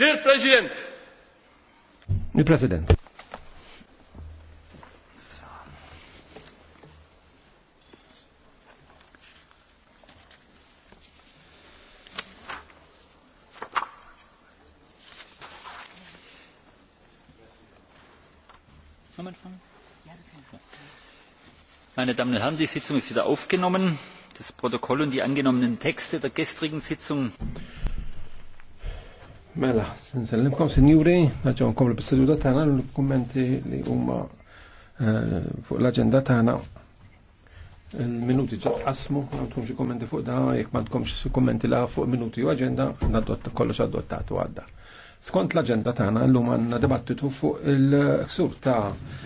Dear President. Il-President. Meine Damen und Herren, die Sitzung ist wieder aufgenommen. Das Protokoll und die angenommenen Texte der gestrigen Sitzung Mela, nsellimkom sinjuri, naġġaw nkomplu bis-seduta tagħna l-kummenti li huma eh, fuq l agenda tagħna il-minuti ġat qasmu, għandkom xi kommenti fuq da, jekk mandkom xie kommenti la fuq minuti u aġenda, nadotta kollox adottat u għadda. Skont l-aġenda tagħna llum għandna debattitu fuq il-ksur ta'